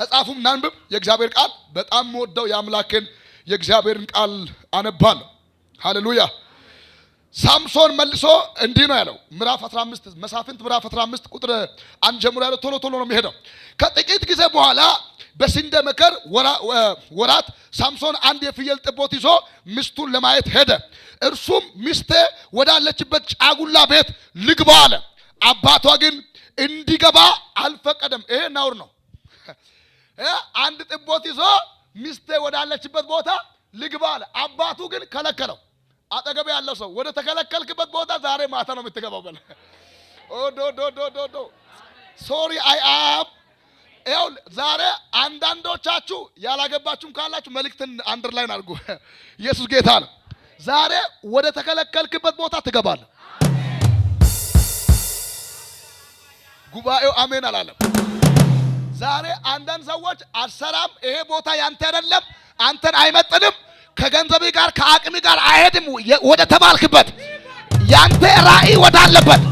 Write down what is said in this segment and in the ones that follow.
መጽሐፉም ናንብብ። የእግዚአብሔር ቃል በጣም ወደው የአምላክን የእግዚአብሔርን ቃል አነባለሁ። ሃሌሉያ። ሳምሶን መልሶ እንዲህ ነው ያለው። ምዕራፍ 15 መሳፍንት ምዕራፍ 15 ቁጥር አንድ ጀምሮ ያለው ቶሎ ቶሎ ነው የሚሄደው። ከጥቂት ጊዜ በኋላ በስንዴ መከር ወራት ሳምሶን አንድ የፍየል ጥቦት ይዞ ሚስቱን ለማየት ሄደ። እርሱም ሚስቴ ወዳለችበት ጫጉላ ቤት ልግባ አለ። አባቷ ግን እንዲገባ አልፈቀደም። ይሄ ነውር ነው። አንድ ጥቦት ይዞ ሚስቴ ወዳለችበት ቦታ ልግባ አለ። አባቱ ግን ከለከለው። አጠገብ ያለው ሰው ወደ ተከለከልክበት ቦታ ዛሬ ማታ ነው የምትገባው በለ። ኦዶዶዶዶዶ ሶሪ አይ አም ዛሬ አንዳንዶቻችሁ ያላገባችሁም ካላችሁ መልእክትን አንደርላይን አድርጉ። ኢየሱስ ጌታ ነው። ዛሬ ወደ ተከለከልክበት ቦታ ትገባለህ። ጉባኤው አሜን አላለም። ዛሬ አንዳንድ ሰዎች አሰራም፣ ይሄ ቦታ ያንተ አይደለም፣ አንተን አይመጥንም፣ ከገንዘብ ጋር ከአቅም ጋር አይሄድም ወደ ተባልክበት ያንተ ራዕይ ወዳለበት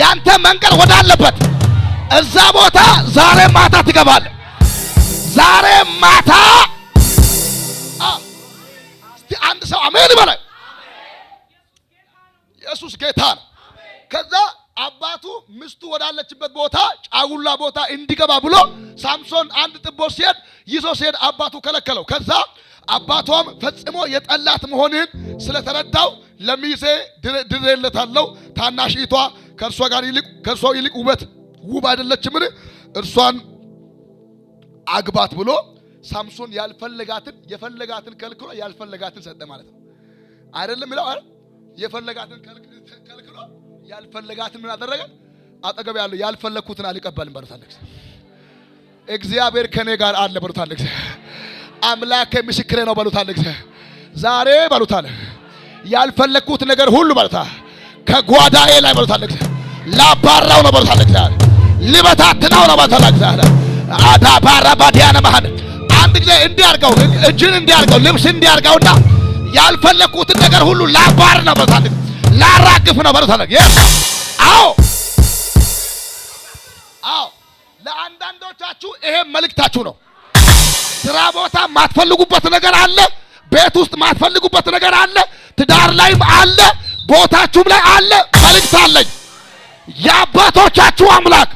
ያንተ መንገድ ወዳለበት እዛ ቦታ ዛሬ ማታ ትገባል ዛሬ ማታ እስቲ አንድ ሰው አሜን ይበላል። ኢየሱስ ጌታ ነው። ከዛ አባቱ ሚስቱ ወዳለችበት ቦታ ጫጉላ ቦታ እንዲገባ ብሎ ሳምሶን አንድ ጥቦ ሲሄድ ይዞ ሲሄድ አባቱ ከለከለው። ከዛ አባቷም ፈጽሞ የጠላት መሆንን ስለተረዳው ለሚዜ ድሬለታለው። ታናሽቷ ከእርሷ ጋር ይልቅ ከእርሷ ይልቅ ውበት ውብ አይደለችምን? እርሷን አግባት ብሎ ሳምሶን ያልፈለጋትን የፈለጋትን ከልክሎ ያልፈለጋትን ሰጠ ማለት ነው። አይደለም ይለው የፈለጋትን ከልክሎ ያልፈለጋትን ምን አደረገ? አጠገብ ያለው ያልፈለግኩትን አልቀበልም በርታለክ። እግዚአብሔር ከኔ ጋር አለ በርታለክ። አምላክ ምስክሬ ነው በሉታለክ። ዛሬ በሉታለ ያልፈለግኩት ነገር ሁሉ በሉታ ከጓዳዬ ላይ በርታለክ። ላባራው ነው በርታለክ። ልበታትናው ነው በርታለክ። አዳ ባራ ባዲያነ ማህደ አንድ ጊዜ እንዲያርገው እጅን እንዲያርገው ልብስ እንዲያርገውና ያልፈለግኩትን ነገር ሁሉ ላባር ነው በርታለክ ላራግፍ ነው በሉት አለ አዎ አዎ፣ ለአንዳንዶቻችሁ ይሄ መልእክታችሁ ነው። ስራ ቦታ ማትፈልጉበት ነገር አለ። ቤት ውስጥ ማትፈልጉበት ነገር አለ። ትዳር ላይም አለ። ቦታችሁም ላይ አለ። መልእክት አለኝ። የአባቶቻችሁ አምላክ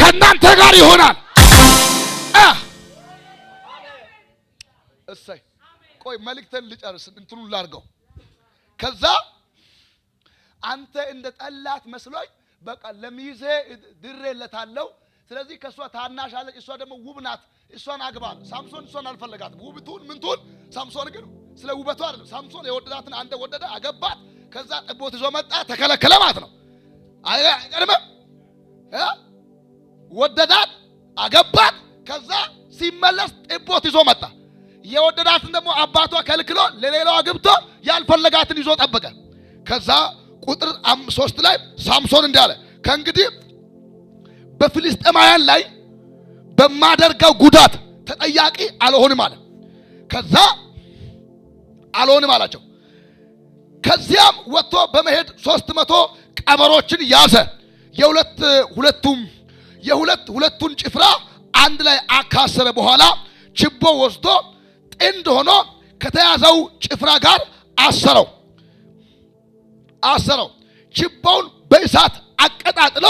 ከእናንተ ጋር ይሆናል። እሰይ ቆይ መልእክትን ልጨርስ፣ እንትኑን ላድርገው ከዛ አንተ እንደ ጠላት መስሎኝ በቃ ለሚዜ ድሬለታለሁ። ስለዚህ ከእሷ ታናሽ አለች፣ እሷ ደግሞ ውብ ናት፣ እሷን አግባል። ሳምሶን እሷን አልፈለጋትም፣ ውብቱን ምንቱን። ሳምሶን ግን ስለ ውበቱ አይደለም። ሳምሶን የወደዳትን አንተ ወደደ፣ አገባት። ከዛ ጥቦት ይዞ መጣ፣ ተከለከለ ማለት ነው። አይቀድምም። ወደዳት፣ አገባት። ከዛ ሲመለስ ጥቦት ይዞ መጣ። የወደዳትን ደግሞ አባቷ ከልክሎ ለሌላዋ ግብቶ ያልፈለጋትን ይዞ ጠበቀ። ከዛ ቁጥር ሶስት ላይ ሳምሶን እንዳለ ከእንግዲህ በፊልስጤማውያን ላይ በማደርገው ጉዳት ተጠያቂ አልሆንም አለ። ከዛ አልሆንም አላቸው። ከዚያም ወጥቶ በመሄድ ሶስት መቶ ቀበሮችን ያዘ። የሁለት ሁለቱም የሁለት ሁለቱን ጭፍራ አንድ ላይ አካሰረ። በኋላ ችቦ ወስዶ ጥንድ ሆኖ ከተያዘው ጭፍራ ጋር አሰረው። አሰረው። ችቦውን በእሳት አቀጣጥሎ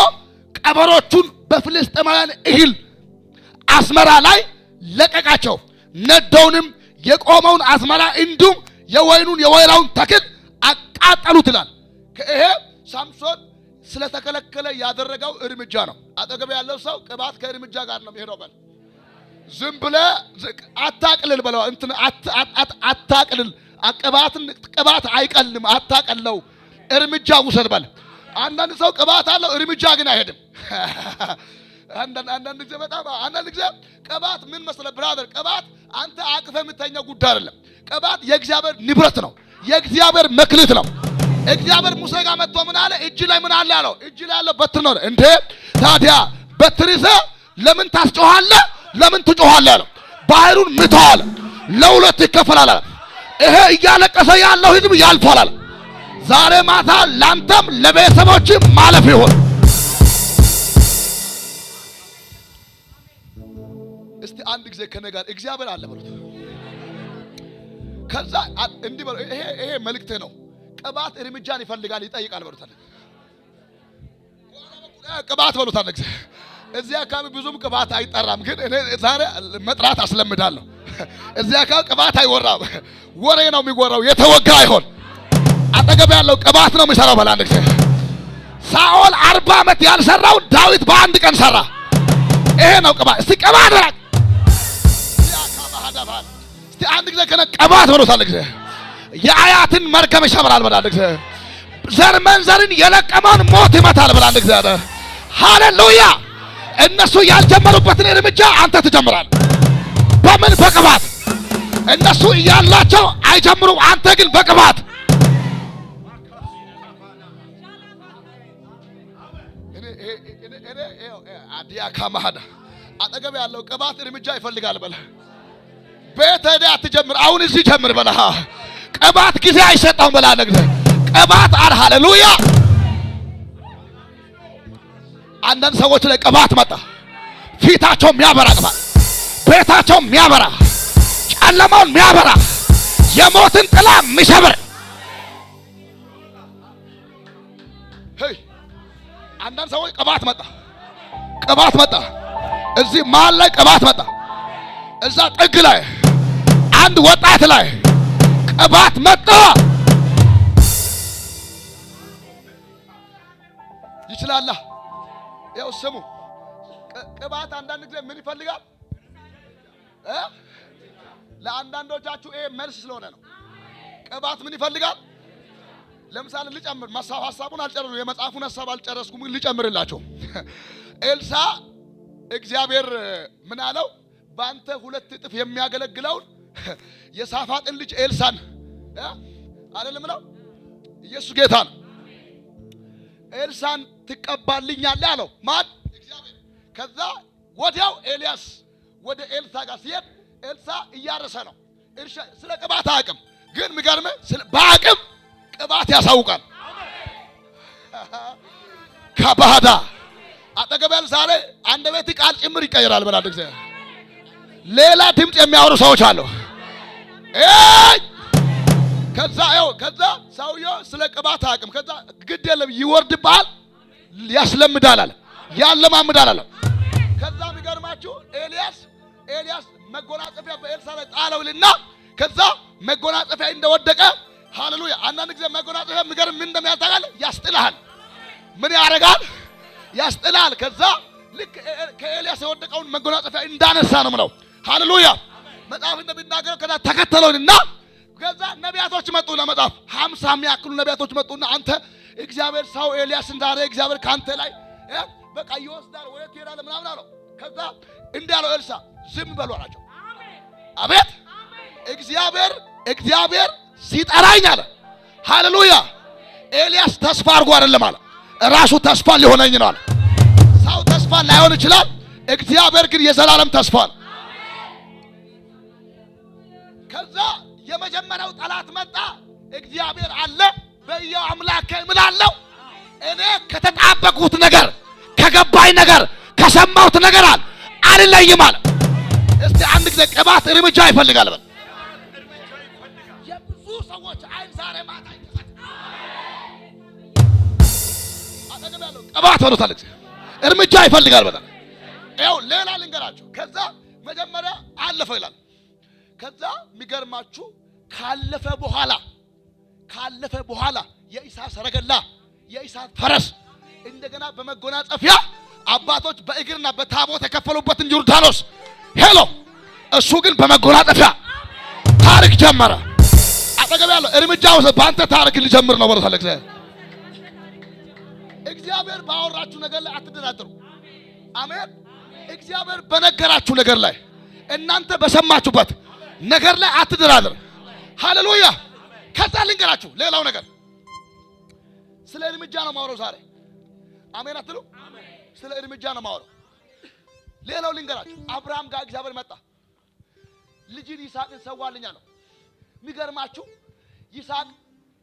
ቀበሮቹን በፍልስጥኤማውያን እህል አስመራ ላይ ለቀቃቸው። ነደውንም የቆመውን አስመራ እንዲሁም የወይኑን የወይራውን ተክል አቃጠሉት ይላል። ይሄ ሳምሶን ስለተከለከለ ያደረገው እርምጃ ነው። አጠገብ ያለው ሰው ቅባት ከእርምጃ ጋር ነው የሚሄደው። በል ዝም ብለህ አታቅልል በለው፣ እንትን አታቅልል። ቅባትን ቅባት አይቀልም፣ አታቀለው እርምጃ ውሰድ በል። አንዳንድ ሰው ቅባት አለው እርምጃ ግን አይሄድም። አንዳንድ ጊዜ በጣም አንዳንድ ጊዜ ቅባት ምን መሰለህ ብራዘር፣ ቅባት አንተ አቅፈ የምተኛው ጉዳይ አይደለም። ቅባት የእግዚአብሔር ንብረት ነው፣ የእግዚአብሔር መክሊት ነው። እግዚአብሔር ሙሴ ጋር መጥቶ ምን አለ? እጅ ላይ ምን አለ ያለው? እጅ ላይ ያለው በትር ነው። እንዴ ታዲያ በትር ይዘህ ለምን ታስጮኋለህ? ለምን ትጮኋለህ? ያለው ባህሩን ምታው አለ፣ ለሁለት ይከፈላል አለ። ይሄ እያለቀሰ ያለው ህዝብ ያልፋል አለ። ዛሬ ማታ ላንተም ለቤተሰቦች ማለፍ ይሆን። እስቲ አንድ ጊዜ ከኔ ጋር እግዚአብሔር አለ በሉት። ከዛ እንዲህ በሉ። ይሄ ይሄ መልእክቴ ነው። ቅባት እርምጃን ይፈልጋል፣ ይጠይቃል በሉት። ቅባት በሉት። አለ ጊዜ እዚህ አካባቢ ብዙም ቅባት አይጠራም፣ ግን እኔ ዛሬ መጥራት አስለምዳለሁ። እዚህ አካባቢ ቅባት አይወራም፣ ወሬ ነው የሚወራው። የተወጋ አይሆን አጠገብ ያለው ቅባት ነው የሚሰራው። በላንድ ጊዜ ሳኦል አርባ ዓመት ያልሰራው ዳዊት በአንድ ቀን ሰራ። ይሄ ነው ቅባት። እስቲ ቅባት ራ እስቲ አንድ ጊዜ ከነ ቅባት ብሎ ሳለ ጊዜ የአያትን መርከም ይሰብራል። በላንድ ጊዜ ዘር መንዘርን የለቀመውን ሞት ይመታል። በላንድ ጊዜ ሃሌሉያ። እነሱ ያልጀመሩበትን እርምጃ አንተ ትጀምራል። በምን በቅባት እነሱ እያላቸው አይጀምሩም። አንተ ግን በቅባት አጠገቤ አዲያ አጠገቤ ያለው ቅባት እርምጃ ይፈልጋል። በለ ቤተዳ አትጀምር፣ አሁን እዚህ ጀምር በለ። ቅባት ጊዜ ቅባት ሃሌሉያ። አንዳንድ ሰዎች ላይ ቅባት መጣ፣ ፊታቸው የሚያበራ ቅባት፣ ቤታቸው የሚያበራ ጨለማውን የሚያበራ የሞትን ጥላ የሚሰብር አንዳንድ ሰዎች ቅባት መጣ ቅባት መጣ። እዚህ መሀል ላይ ቅባት መጣ። እዛ ጥግ ላይ አንድ ወጣት ላይ ቅባት መጣ። ይችላላ። ያው ስሙ ቅባት አንዳንድ ጊዜ ምን ይፈልጋል? ለአንዳንዶቻችሁ ይሄ መልስ ስለሆነ ነው። ቅባት ምን ይፈልጋል? ለምሳሌ ልጨምር፣ መሳብ ሐሳቡን አልጨረሱ የመጽሐፉን ሐሳብ አልጨረስኩም፣ ግን ልጨምርላቸው። ኤልሳ እግዚአብሔር ምን አለው? በአንተ ሁለት እጥፍ የሚያገለግለውን የሳፋጥን ልጅ ኤልሳን አይደለም ነው ኢየሱስ ጌታ ነው። ኤልሳን ትቀባልኛለህ አለው። ማን? እግዚአብሔር። ከዛ ወዲያው ኤልያስ ወደ ኤልሳ ጋር ሲሄድ ኤልሳ እያረሰ ነው እርሻ ስለ ቅባት አቅም ግን የሚገርምህ በአቅም ቅባት ያሳውቃል። ከባዳ አጠገበል ዛሬ አንድ ቤት ቃል ጭምር ይቀየራል። በላድ እግዚአብሔር ሌላ ድምፅ የሚያወሩ ሰዎች አሉ። ከዛ ያው ከዛ ሰውየው ስለ ቅባት አቅም ከዛ ግድ የለም ይወርድብሃል፣ ያስለምዳል አለ ያለማምዳል አለ። ከዛ የሚገርማችሁ ኤልያስ ኤልያስ መጎናጸፊያ በኤልሳ ላይ ጣለውልና ከዛ መጎናጸፊያ እንደወደቀ ሃሌሉያ። አንዳንድ ጊዜ መጎናጸፊያ የሚገርም ምን እንደሚያታቃል ያስጥልሃል። ምን ያደርጋል? ያስጥልሃል። ከዛ ልክ ከኤልያስ የወደቀውን መጎናጸፊያ እንዳነሳ ነው ምለው። ሃሌሉያ። መጽሐፍ እንደሚናገረው ከዛ ተከተለውንና ከዛ ነቢያቶች መጡ ለመጽሐፍ ሀምሳ የሚያክሉ ነቢያቶች መጡና አንተ እግዚአብሔር ሰው ኤልያስ እንዳለ እግዚአብሔር ከአንተ ላይ በቃ ይወስዳል፣ ወደ ትሄዳለህ ምናምን አለው። ከዛ እንዳለው ኤልሳ ዝም በሉ አላቸው። አቤት እግዚአብሔር እግዚአብሔር ሲጠራኝ አለ ሃሌሉያ። ኤልያስ ተስፋ አድርጎ አይደለም አለ፣ ራሱ ተስፋ ሊሆነኝ ነው አለ። ሰው ተስፋ ላይሆን ይችላል፣ እግዚአብሔር ግን የዘላለም ተስፋ ነው። ከዛ የመጀመሪያው ጠላት መጣ። እግዚአብሔር አለ በሕያው አምላክ እምላለሁ እኔ ከተጣበቁት ነገር ከገባኝ ነገር ከሰማሁት ነገር አለ አልለይም አለ። እስቲ አንድ ጊዜ ቅባት እርምጃ ይፈልጋል በል ሰዎች አይን ዛሬ ማታ ይከፈት። አጠገብ ያለው ቅባት ሆኖታል። እርምጃ ይፈልጋል በጣም ያው ሌላ ልንገራችሁ። ከዛ መጀመሪያ አለፈው ይላል። ከዛ የሚገርማችሁ ካለፈ በኋላ ካለፈ በኋላ የእሳት ሰረገላ የእሳት ፈረስ እንደገና በመጎናጸፊያ አባቶች በእግርና በታቦት የከፈሉበትን ዮርዳኖስ ሄሎ፣ እሱ ግን በመጎናጸፊያ ታሪክ ጀመረ። አጠገብ ያለው በአንተ ታሪክ ሊጀምር ነው። እግዚአብሔር ባወራችሁ ነገር ላይ አትደናደሩ አሜን። እግዚአብሔር በነገራችሁ ነገር ላይ እናንተ በሰማችሁበት ነገር ላይ አትደራደር። ሃሌሉያ። ከዛ ልንገራችሁ ሌላው ነገር ስለ እርምጃ ነው ማውረው ዛሬ። አሜን አትሉ? ስለ እርምጃ ነው ማውረው። ሌላው ልንገራችሁ፣ አብርሃም ጋር እግዚአብሔር መጣ። ልጅን ይስሐቅን ሰዋልኛ ነው የሚገርማችሁ ይስሐቅ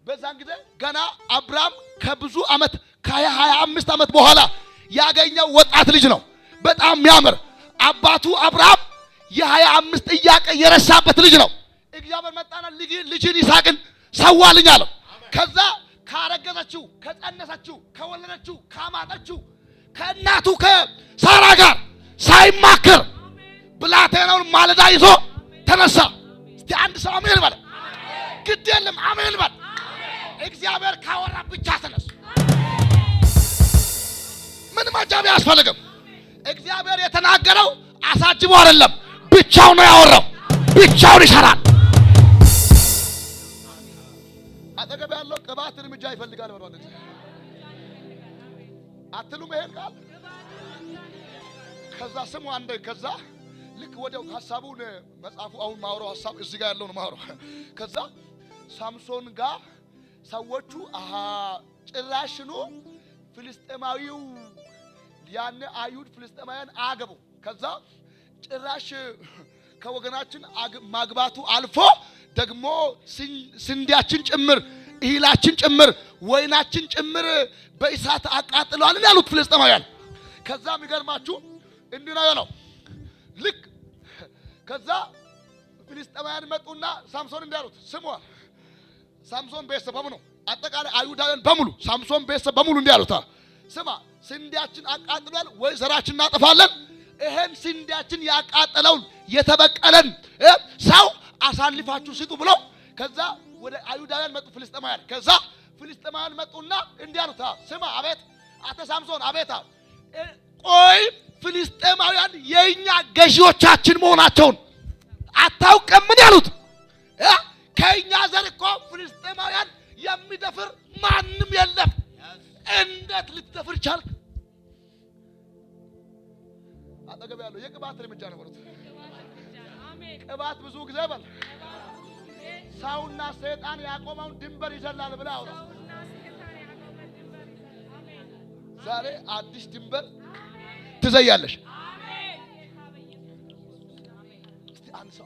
በዛን ጊዜ ገና አብርሃም ከብዙ ዓመት ከሀያ ሀያ አምስት ዓመት በኋላ ያገኘው ወጣት ልጅ ነው። በጣም የሚያምር አባቱ አብርሃም የሀያ አምስት ጥያቄ የረሳበት ልጅ ነው። እግዚአብሔር መጣና ልጅ ልጅን ይስሐቅን ሰዋልኝ አለው። ከዛ ካረገዘችው ከጸነሰችው ከወለደችው ካማጠችው ከእናቱ ከሳራ ጋር ሳይማክር ብላቴናውን ማለዳ ይዞ ተነሳ። እስቲ አንድ ሰው አሜን በለ። ግድ የለም። አሜን በል። እግዚአብሔር ካወራ ብቻ ተነሱ። ምንም አጃቢ አያስፈልግም። እግዚአብሔር የተናገረው አሳጅቦ አይደለም፣ ብቻው ነው ያወራው። ብቻውን ይሰራል። አጠገብ ያለው ቅባት እርምጃ ይፈልጋል ብሏል። አትሉም? ይሄን ቃል ከዛ ስሙ አንደ ከዛ ልክ ወዲያው ሀሳቡ መጽሐፉ አሁን ማውራው ሀሳብ እዚህ ጋር ያለው ነው ማውራው ከዛ ሳምሶን ጋር ሰዎቹ አሃ ጭራሽኑ ፍልስጤማዊው ያን አይሁድ ፍልስጤማውያን አገቡ። ከዛ ጭራሽ ከወገናችን ማግባቱ አልፎ ደግሞ ስንዴያችን ጭምር እህላችን ጭምር ወይናችን ጭምር በእሳት አቃጥለዋል ያሉት ፍልስጤማውያን። ከዛ የሚገርማችሁ እንዲህ ነው የሆነው። ልክ ከዛ ፍልስጤማውያን መጡና ሳምሶን እንዲህ ስሟል ሳምሶን ቤተሰብ በሙሉ አጠቃላይ አይሁዳውያን በሙሉ ሳምሶን ቤተሰብ በሙሉ እንዲህ አሉታ፣ ስማ ስንዴያችን አቃጥሏል ወይ ዘራችን እናጠፋለን። ይሄን ስንዴያችን ያቃጠለውን የተበቀለን ሰው አሳልፋችሁ ስጡ ብለው ከዛ ወደ አይሁዳውያን መጡ ፍልስጤማውያን። ከዛ ፍልስጤማውያን መጡና እንዲህ አሉታ፣ ስማ አቤት፣ አተ ሳምሶን አቤታ፣ ቆይ ፍልስጤማውያን የእኛ ገዢዎቻችን መሆናቸውን አታውቅምን? ያሉት ከእኛ ዘር እኮ ፍልስጤማውያን የሚደፍር ማንም የለም። እንዴት ልትደፍር ቻልክ? አጠገብ ያለው የቅባት እርምጃ ነው ማለት ቅባት ብዙ ጊዜ በል ሰውና ሰይጣን ያቆመውን ድንበር ይዘላል ብለህ አውራ። ዛሬ አዲስ ድንበር ትዘያለሽ።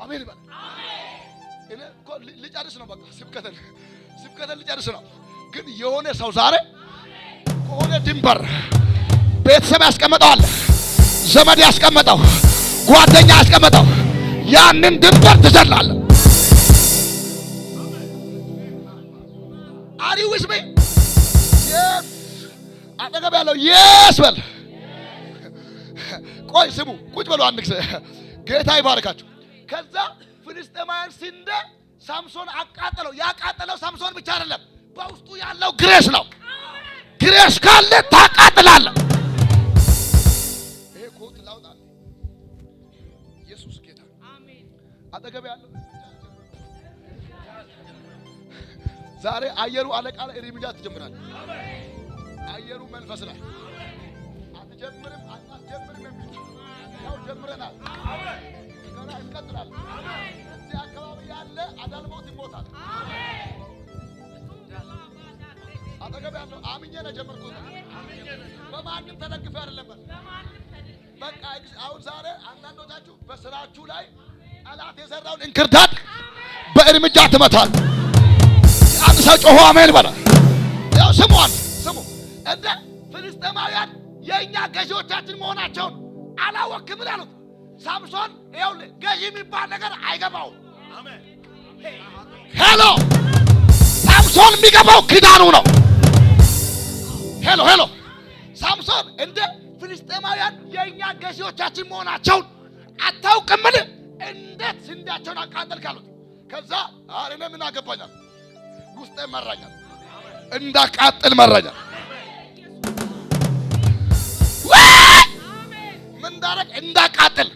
አሜን። እኔ እኮ ልጨርስ ነው በቃ ስብከተን ስብከተን ልጨርስ ነው። ግን የሆነ ሰው ዛሬ ከሆነ ድንበር ቤተሰብ ያስቀመጠው አለ፣ ዘመድ ያስቀመጠው፣ ጓደኛ ያስቀመጠው ያንን ድንበር ትዘላለ። አሪ ውስሜ አጠገብ ያለው የስ በል ቆይ ስሙ፣ ቁጭ በሉ አንድ ጊዜ ጌታ ይባርካችሁ። ከዛ ፍልስጤማውያን ሲንደ ሳምሶን አቃጠለው። ያቃጠለው ሳምሶን ብቻ አይደለም፣ በውስጡ ያለው ግሬስ ነው። ግሬስ ካለ ታቃጥላለ። ይሄ ኮት ላውጣ። ኢየሱስ ጌታ አጠገብ ያለው ዛሬ አየሩ አለቃ ላይ እርምጃ ትጀምራለህ። አየሩ መንፈስ ላይ አትጀምርም፣ አታስጀምርም የሚል ያው ጀምረናል። አሜን ልንገራ እንቀጥላለን። እዚህ አካባቢ ያለ አዳልሞት ይሞታል። አጠገብ ያለው አምኜ ነው ጀመርኩት። በማንም ተደግፌ አይደለም። በቃ አሁን ዛሬ አንዳንዶቻችሁ በስራችሁ ላይ ጠላት የሰራውን እንክርዳድ በእርምጃ ትመታል። አንድ ሰው ጮሆ አሜን በላ። ያው ስሙን ስሙ። እንደ ፍልስጤማውያን የእኛ ገዢዎቻችን መሆናቸውን አላወቅም አሉት ሳምሶን ይኸውልህ ገዢ የሚባል ነገር አይገባውም። ሄሎ ሳምሶን የሚገባው ኪዳኑ ነው። ሄሎ ሄሎ ሳምሶን እንደ ፍልስጤማውያን የእኛ ገዢዎቻችን መሆናቸውን አታውቅምን? እንዴት ስንዴያቸውን አቃጠልክ አሉት። ከዛ ኧረ እኔ ምን አገባኛል፣ ውስጤ መራኛል፣ እንዳቃጥል መራኛል። ምን እንዳረግ እንዳቃጥል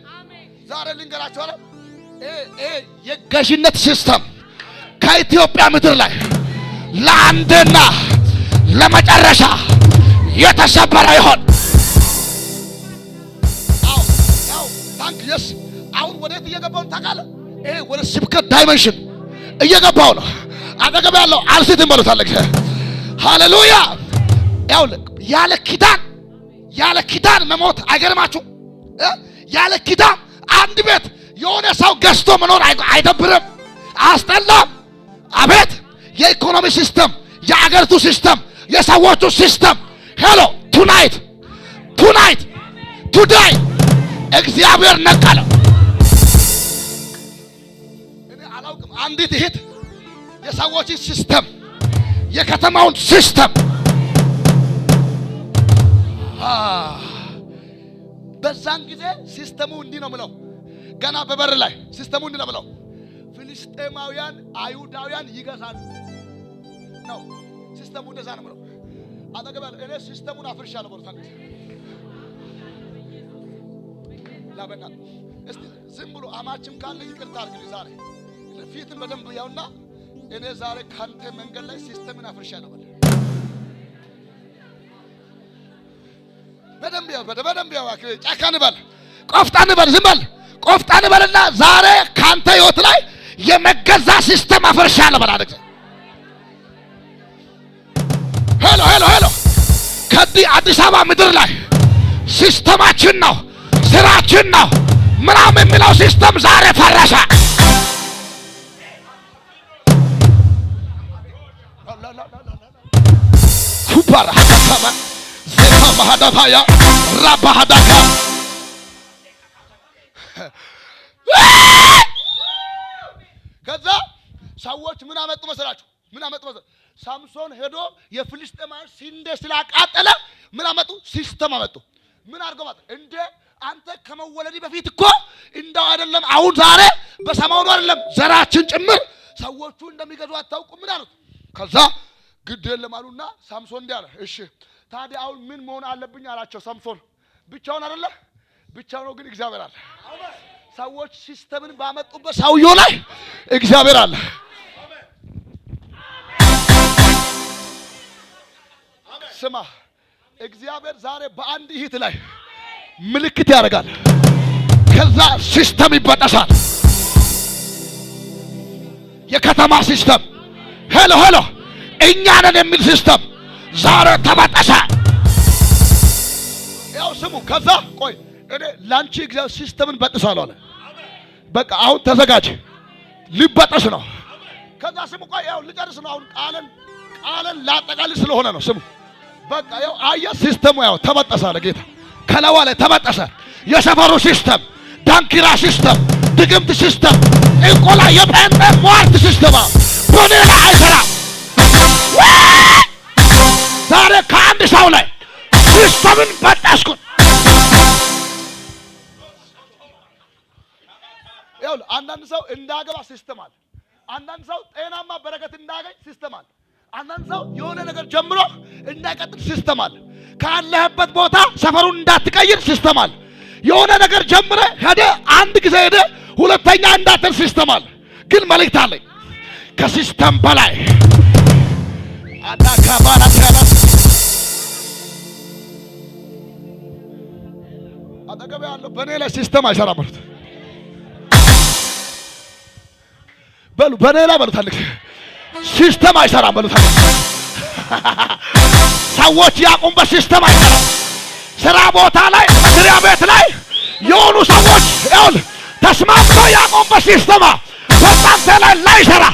ዛሬ ልንገራችሁ አለ ይሄ የገዥነት ሲስተም ከኢትዮጵያ ምድር ላይ ለአንድና ለመጨረሻ የተሰበረ ይሆን። አሁን ወደት እየገባው ታውቃለህ? ይሄ ወደ ስብከት ዳይመንሽን እየገባው ነው። አጠገብ ያለው አልሴት እንበሉት ሃሌሉያ ያው ያለ ኪዳን ያለ ኪዳን መሞት አይገርማችሁ? ያለ ኪዳን አንድ ቤት የሆነ ሰው ገዝቶ መኖር አይደብርም? አስጠላም? አቤት! የኢኮኖሚ ሲስተም፣ የአገሪቱ ሲስተም፣ የሰዎቹ ሲስተም። ሄሎ ቱናይት ቱናይት ቱዳይ እግዚአብሔር ነቀለ። እኔ አላውቅም። አንዲት እህት የሰዎችን ሲስተም፣ የከተማውን ሲስተም በዛን ጊዜ ሲስተሙ እንዲህ ነው ምለው ገና በበር ላይ ሲስተሙ እንዲህ ነው ምለው ፍልስጤማውያን አይሁዳውያን ይገዛሉ ነው ሲስተሙ። እንደዛ ነው ምለው አጠገባል እኔ ሲስተሙን አፍርሻለሁ። በሩታን ጊዜ ላበና እስቲ ዝም ብሎ አማችም ካለ ይቅርታ አድርግልኝ። ዛሬ ፊትን በደንብ ያውና እኔ ዛሬ ካንተ መንገድ ላይ ሲስተምን አፍርሻለሁ በል በደንብ ያው በደንብ ያው አክሬ ጫካን በል ቆፍጣን በል ዝም በል ቆፍጣን በልና ዛሬ ካንተ ህይወት ላይ የመገዛ ሲስተም አፈርሻለሁ በል አደግ ሄሎ ሄሎ ሄሎ ከዲ አዲስ አበባ ምድር ላይ ሲስተማችን ነው ስራችን ነው ምናም የሚለው ሲስተም ዛሬ ፈረሰ። ኩባራ ከተማ ሴባባሃዳታያ ራባሃዳካ ከዛ ሰዎች ምን አመጡ መሰላችሁ? ምን አመጡ መሰላችሁ? ሳምሶን ሄዶ የፍልስጤማን ሲንዴ ስላቃጠለ ምን አመጡ? ሲስተም አመጡ። ምን አድርገው ማለት እንደ አንተ ከመወለድ በፊት እኮ እንዳው አይደለም አሁን ዛሬ በሰማው ነው አይደለም ዘራችን ጭምር ሰዎቹ እንደሚገዙ አታውቁም። ምን አሉት? ከዛ ግድ የለም አሉና ሳምሶን እንዲህ አለ፣ እሺ ታዲያ አሁን ምን መሆን አለብኝ አላቸው። ሰምሶን ብቻውን አይደለ፣ ብቻ ነው ግን እግዚአብሔር አለ። ሰዎች ሲስተምን ባመጡበት ሰውየው ላይ እግዚአብሔር አለ። ስማ፣ እግዚአብሔር ዛሬ በአንድ ይሂት ላይ ምልክት ያደርጋል። ከዛ ሲስተም ይበጠሳል። የከተማ ሲስተም ሄሎ ሄሎ እኛንን የሚል ሲስተም ዛሬ ተበጠሰ። ያው ስሙ። ከዛ ቆይ እኔ ላንቺ እግዚአብሔር ሲስተምን በጥሳለሁ አለ። በቃ አሁን ተዘጋጅ፣ ሊበጠስ ነው። ከዛ ስሙ ቆይ ያው ልጨርስ ነው። አሁን ቃልን ቃልን ላጠቃልል ስለሆነ ነው። ስሙ በቃ ያው አያ ሲስተሙ ያው ተበጠሰ አለ ጌታ። ከለዋ ላይ ተበጠሰ። የሰፈሩ ሲስተም፣ ዳንኪራ ሲስተም፣ ድግምት ሲስተም፣ እንቆላ የጴንጤ ሟርት ሲስተማ በኔ ላይ አይሰራም። ዛሬ ከአንድ ሰው ላይ ሲስተምን በጠስኩት። ይኸውልህ አንዳንድ ሰው እንዳገባ ሲስተም አለ። አንዳንድ ሰው ጤናማ በረከት እንዳገኝ ሲስተም አለ። አንዳንድ ሰው የሆነ ነገር ጀምሮ እንዳይቀጥል ሲስተም አለ። ካለህበት ቦታ ሰፈሩን እንዳትቀይር ሲስተም አለ። የሆነ ነገር ጀምረ ሄደ አንድ ጊዜ ሄደ ሁለተኛ እንዳትል ሲስተም አለ። ግን መልእክት አለኝ ከሲስተም በላይ አዳካባናካባ አጠገብ ያለው በእኔ ላይ ሲስተም አይሰራም በሉት። በሉ በእኔ ላይ በሉት። አልክ ሲስተም አይሰራም በሉት። ሰዎች ያቁም በሲስተም አይሰራም። ስራ ቦታ ላይ፣ መስሪያ ቤት ላይ የሆኑ ሰዎች ይሁን ተስማምተው ያቁም በሲስተም በእናንተ ላይ ላይሰራ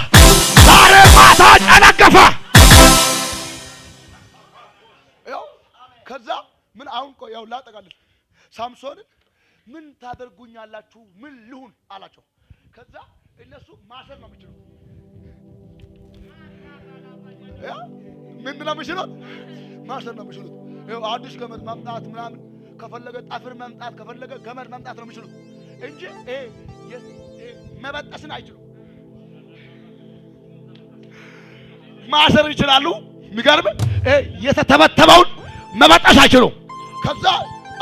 ዛሬ ማታ ጨነገፈ። ከዛ ምን አሁን ቆይ ያው ላጠቃልል ሳምሶንን ምን ታደርጉኛላችሁ? ምን ልሁን አላቸው። ከዛ እነሱ ማሰር ነው የሚችሉ ምን ነው የሚችሉት? ማሰር ነው የሚችሉት። አዲስ ገመድ ማምጣት ምናምን ከፈለገ ጠፍር መምጣት ከፈለገ ገመድ መምጣት ነው የሚችሉት እንጂ መበጠስን አይችሉ። ማሰር ይችላሉ። የሚገርም የተተበተበውን መበጠስ አይችሉም። ከዛ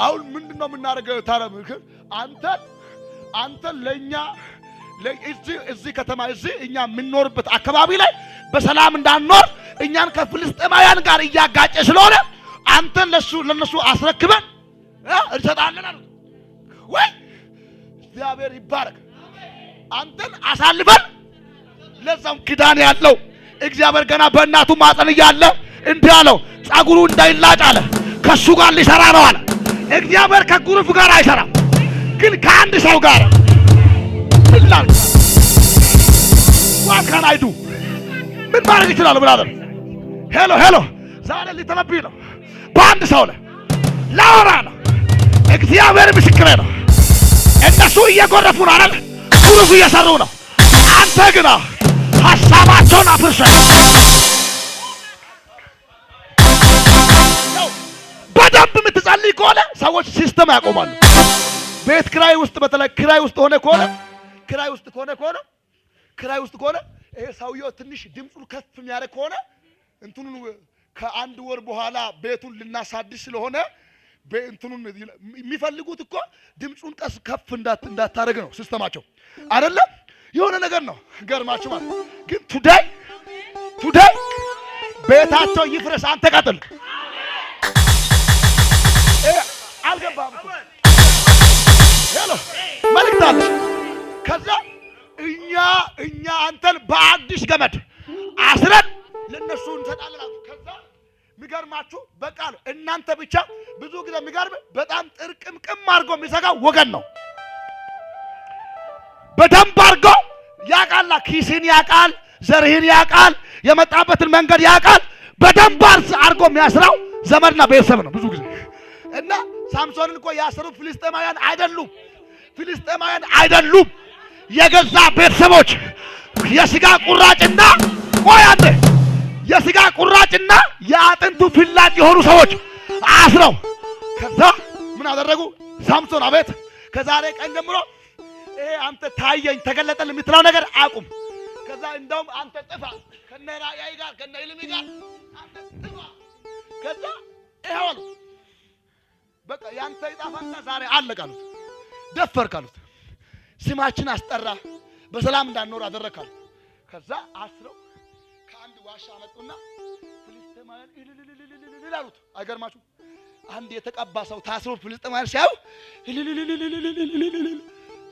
አሁን ምንድን ነው የምናደርገው? ታረምክር አንተን አንተን ለእኛ እዚህ ከተማ እዚህ እኛ የምንኖርበት አካባቢ ላይ በሰላም እንዳንኖር እኛን ከፍልስጤማውያን ጋር እያጋጨ ስለሆነ አንተን ለሱ ለነሱ አስረክበን እንሰጣለን አሉ። ወይ እግዚአብሔር ይባረክ። አንተን አሳልፈን ለዛም ኪዳን ያለው እግዚአብሔር ገና በእናቱ ማጠን እያለ እንዲህ አለው፣ ጸጉሩ እንዳይላጭ አለ። ከሱ ጋር ሊሰራ ነው አለ እግዚአብሔር ከጉሩፍ ጋር አይሰራም፣ ግን ከአንድ ሰው ጋር ይላል። ዋካን አይዱ ምን ማድረግ ይችላል? ብራዘር ሄሎ ሄሎ፣ ዛሬ ሊተነብይ ነው። በአንድ ሰው ላይ ላወራ ነው። እግዚአብሔር ምስክሬ ነው። እነሱ እየጎረፉ ነው አይደል? ጉሩፍ እየሰሩ ነው። አንተ ግና ሀሳባቸውን አፍርሰ ሰዎች ሲስተም ያቆማሉ። ቤት ክራይ ውስጥ በተለይ ክራይ ውስጥ ሆነ ከሆነ ክራይ ውስጥ ከሆነ ከሆነ ክራይ ውስጥ ከሆነ ይሄ ሰውየው ትንሽ ድምፁን ከፍ የሚያደርግ ከሆነ እንትኑን ከአንድ ወር በኋላ ቤቱን ልናሳድስ ስለሆነ እንትኑን የሚፈልጉት እኮ ድምፁን ቀስ ከፍ እንዳታደርግ ነው ሲስተማቸው አይደለም። የሆነ ነገር ነው ገርማችሁ ማለት ግን ቱዳይ ቱዳይ ቤታቸው ይፍረስ። አንተ ቀጥል አልገባም። ሄሎ አለ ከዛ እኛ እኛ አንተን በአዲስ ገመድ አስረን ለነሱ እንሰጣለን። ከዛ የሚገርማችሁ በቃል እናንተ ብቻ ብዙ ጊዜ የሚገርም በጣም ጥርቅምቅም አድርጎ የሚሰጋው ወገን ነው። በደንብ አድርጎ ያቃላ ኪስን ያቃል፣ ዘርህን ያውቃል የመጣበትን መንገድ ያውቃል በደንብ አድርጎ የሚያስራው ዘመድና ቤተሰብ ነው ብዙ ጊዜ እና ሳምሶንን እኮ ያሰሩ ፍልስጤማውያን አይደሉም፣ ፍልስጤማውያን አይደሉም። የገዛ ቤተሰቦች የስጋ ቁራጭና ቆያለ የስጋ ቁራጭና የአጥንቱ ፍላጭ የሆኑ ሰዎች አስረው ከዛ ምን አደረጉ? ሳምሶን አቤት፣ ከዛሬ ቀን ጀምሮ ይሄ አንተ ታየኝ ተገለጠል የምትለው ነገር አቁም። ከዛ እንደውም አንተ ጥፋ፣ ከነ ራእይ ጋር ከነ ህልም ጋር አንተ ጥፋ። ከዛ ይኸው አሉ በቃ ያንተ ዕጣ ዛሬ አለቀ አሉት። ደፈርክ አሉት። ስማችን አስጠራ፣ በሰላም እንዳንኖር አደረግክ አሉት። ከዛ አስረው ከአንድ ዋሻ አመጡና ፍልስጤማውያን አሉት። አይገርማችሁ? አንድ የተቀባ ሰው ታስሮ ፍልስጤማውያን ሲያዩ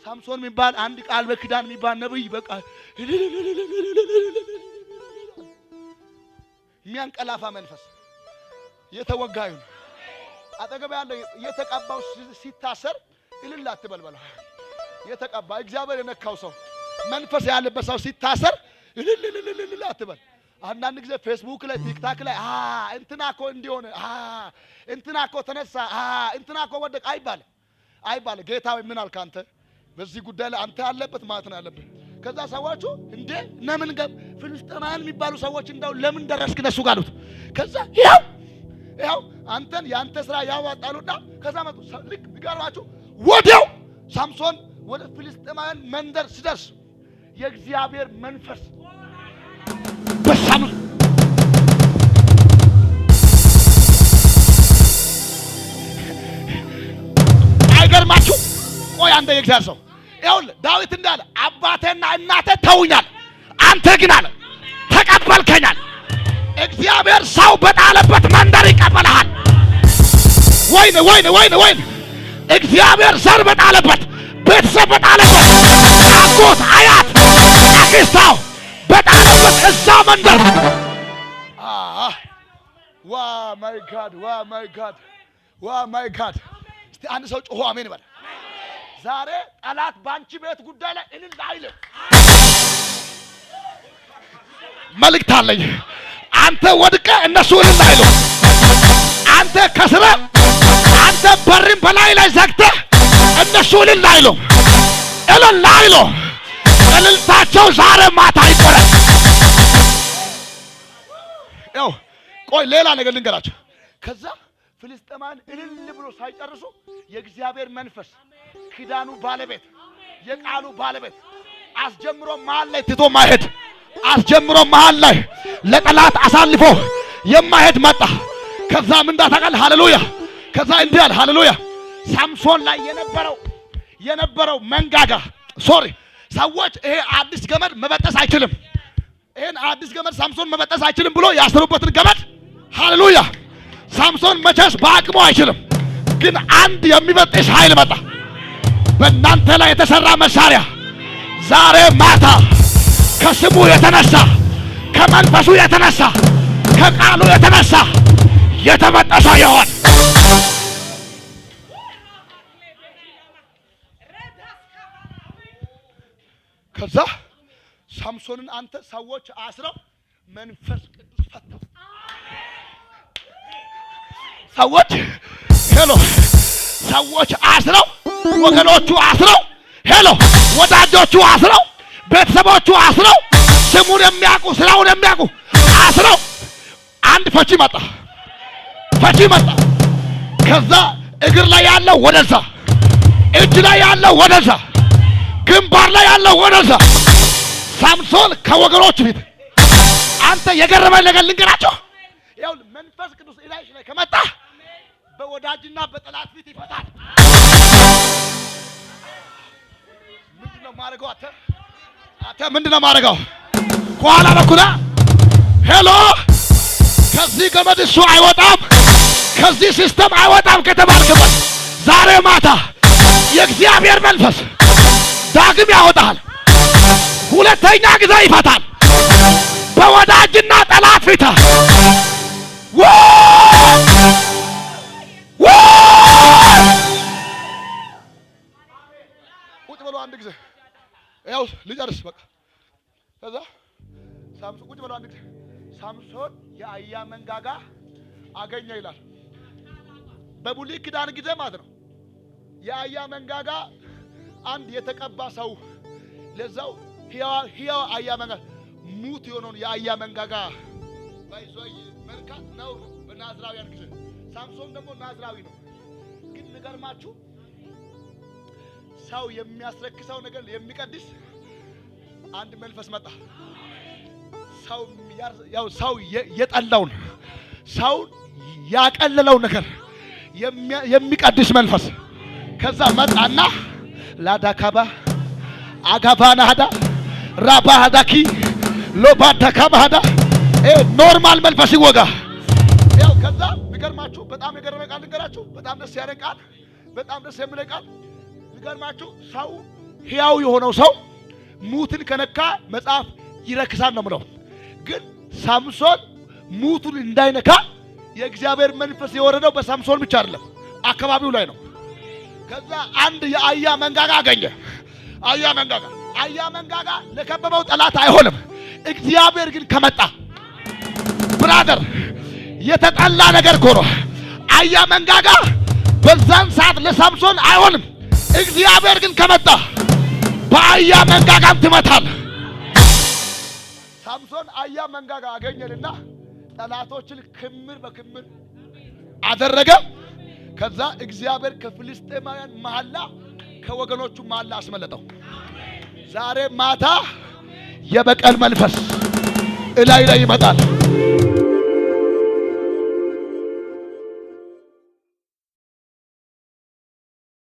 ሳምሶን የሚባል አንድ ቃል በኪዳን የሚባል ነብይ በቃ የሚያንቀላፋ መንፈስ የተወጋዩ ነው። አጠገብ ያለው የተቀባው ሲታሰር እልል አትበልበል። የተቀባ እግዚአብሔር የነካው ሰው መንፈስ ያለበት ሰው ሲታሰር እልል አትበል። አንዳንድ ጊዜ ፌስቡክ ላይ ቲክታክ ላይ እንትና ኮ እንዲሆነ እንትና ኮ ተነሳ እንትና ኮ ወደቅ አይባል አይባል። ጌታ ወይ ምን አልክ አንተ በዚህ ጉዳይ ላይ አንተ ያለበት ማለት ነው ያለብህ። ከዛ ሰዎቹ እንዴ ነምን ገብ ፍልስጤማውያን የሚባሉ ሰዎች እንደው ለምን ደረስክ ነሱ ጋር አሉት። ከዛ ያው ያው አንተን የአንተ ስራ ያዋጣሉና ከዛ መጡ። ልክ ቢገርማችሁ ወዲያው ሳምሶን ወደ ፍልስጥኤማውያን መንደር ሲደርስ የእግዚአብሔር መንፈስ በሳሙኤል አይገርማችሁ? ቆይ አንተ የእግዚአብሔር ሰው ይኸውልህ፣ ዳዊት እንዳለ አባቴና እናቴ ተውኛል፣ አንተ ግን አለ ተቀበልከኛል። እግዚአብሔር ሰው በጣለበት መንደር ይቀበልሃል። ወይን ወይን ወይኔ ወይን እግዚአብሔር ዘር በጣለበት ቤተሰብ በጣለበት አጎት፣ አያት፣ አክስታው በጣለበት እዛ መንደር ዋ ማይ ጋድ ዋ ማይ ጋድ ዋ ማይ ጋድ! እስቲ አንድ ሰው ጮሆ አሜን ይበል። ዛሬ ጠላት በአንቺ ቤት ጉዳይ ላይ እንል አይልም። መልእክት አለኝ። አንተ ወድቀ እነሱ እልል አይሉ። አንተ ከስረ አንተ በርን በላይ ላይ ዘግተህ እነሱ እልል አይሉ። እልል አይሉ። እልልታቸው ዛሬ ማታ አይቆረጥ። ያው ቆይ ሌላ ነገር ልንገራቸው። ከዛ ፍልስጥማን እልል ብሎ ሳይጨርሱ የእግዚአብሔር መንፈስ ኪዳኑ ባለቤት የቃሉ ባለቤት አስጀምሮ መሀል ላይ ትቶ ማይሄድ አስጀምሮ መሃል ላይ ለጠላት አሳልፎ የማሄድ መጣ። ከዛ ምን ታውቃለህ? ሃሌሉያ። ከዛ እንዲህ አለ ሃሌሉያ። ሳምሶን ላይ የነበረው የነበረው መንጋጋ ሶሪ፣ ሰዎች ይሄ አዲስ ገመድ መበጠስ አይችልም፣ ይሄን አዲስ ገመድ ሳምሶን መበጠስ አይችልም ብሎ ያሰሩበትን ገመድ ሃሌሉያ። ሳምሶን መቼስ በአቅሙ አይችልም፣ ግን አንድ የሚበጥስ ኃይል መጣ። በእናንተ ላይ የተሰራ መሳሪያ ዛሬ ማታ ከስሙ የተነሳ ከመንፈሱ የተነሳ ከቃሉ የተነሳ የተመጠሰ ይሆን። ከዛ ሳምሶንን አንተ ሰዎች አስረው መንፈስ ቅዱስ ፈተው ሰዎች ሄሎ፣ ሰዎች አስረው፣ ወገኖቹ አስረው፣ ሄሎ፣ ወዳጆቹ አስረው ቤተሰቦቹ አስረው ስሙን የሚያውቁ ስራውን የሚያውቁ አስረው አንድ ፈቺ መጣ፣ ፈቺ መጣ። ከዛ እግር ላይ ያለው ወደዛ፣ እጅ ላይ ያለው ወደዛ፣ ግንባር ላይ ያለው ወደዛ። ሳምሶን ከወገኖች ፊት አንተ የገረመኝ ነገር ልንገራቸው። ያው መንፈስ ቅዱስ ኢላይሽ ላይ ከመጣ በወዳጅና በጠላት ፊት ይፈታል። ምንድነው ማድረገው? ምንድነው ማድረገው? ከኋላ በኩል ሄሎ፣ ከዚህ ገመድ እሱ አይወጣም፣ ከዚህ ሲስተም አይወጣም ከተባልክበት ዛሬ ማታ የእግዚአብሔር መንፈስ ዳግም ያወጣል። ሁለተኛ ጊዜ ይፈታል። በወዳጅና ጠላት ፊታ ያው ልጨርስ በቃ። ከዛ ሳምሶን ቁጭ ብሎ አንድ ሳምሶን የአያ መንጋጋ አገኘ ይላል። በብሉይ ኪዳን ጊዜ ማለት ነው። የአያ መንጋጋ አንድ የተቀባ ሰው ለዛው ህያው አያ መንጋጋ ሙት የሆነውን የአያ መንጋጋ ባይዞይ መልካት ነው በናዝራውያን ጊዜ። ሳምሶን ደግሞ ናዝራዊ ነው። ግን ንገርማችሁ ሰው የሚያስረክሰው ነገር የሚቀድስ አንድ መንፈስ መጣ። ሰው የጠላውን ሰው ያቀለለው ነገር የሚቀድስ መንፈስ ከዛ መጣና ላዳካባ አጋባና ሀዳ ራባ ሀዳኪ ሎባዳካባ ሀዳ ኖርማል መንፈስ ይወጋ። ያው ከዛ የሚገርማችሁ በጣም የገረመ ቃል በጣም ደስ ያለ ቃል፣ በጣም ደስ የሚለ ቃል የሚገርማችሁ ሰው ሕያው የሆነው ሰው ሙትን ከነካ መጽሐፍ ይረክሳል ነው ምለው። ግን ሳምሶን ሙቱን እንዳይነካ የእግዚአብሔር መንፈስ የወረደው በሳምሶን ብቻ አይደለም፣ አካባቢው ላይ ነው። ከዛ አንድ የአያ መንጋጋ አገኘ። አያ መንጋጋ አያ መንጋጋ ለከበበው ጠላት አይሆንም። እግዚአብሔር ግን ከመጣ ብራደር የተጠላ ነገር ኮሮ አያ መንጋጋ በዛን ሰዓት ለሳምሶን አይሆንም። እግዚአብሔር ግን ከመጣ በአያ መንጋጋም ትመታል። ሳምሶን አያ መንጋጋ አገኘንና ጠላቶችን ክምር በክምር አደረገ። ከዛ እግዚአብሔር ከፍልስጤማውያን መሐላ ከወገኖቹ መሐላ አስመለጠው። ዛሬ ማታ የበቀል መንፈስ እላይ ላይ ይመጣል።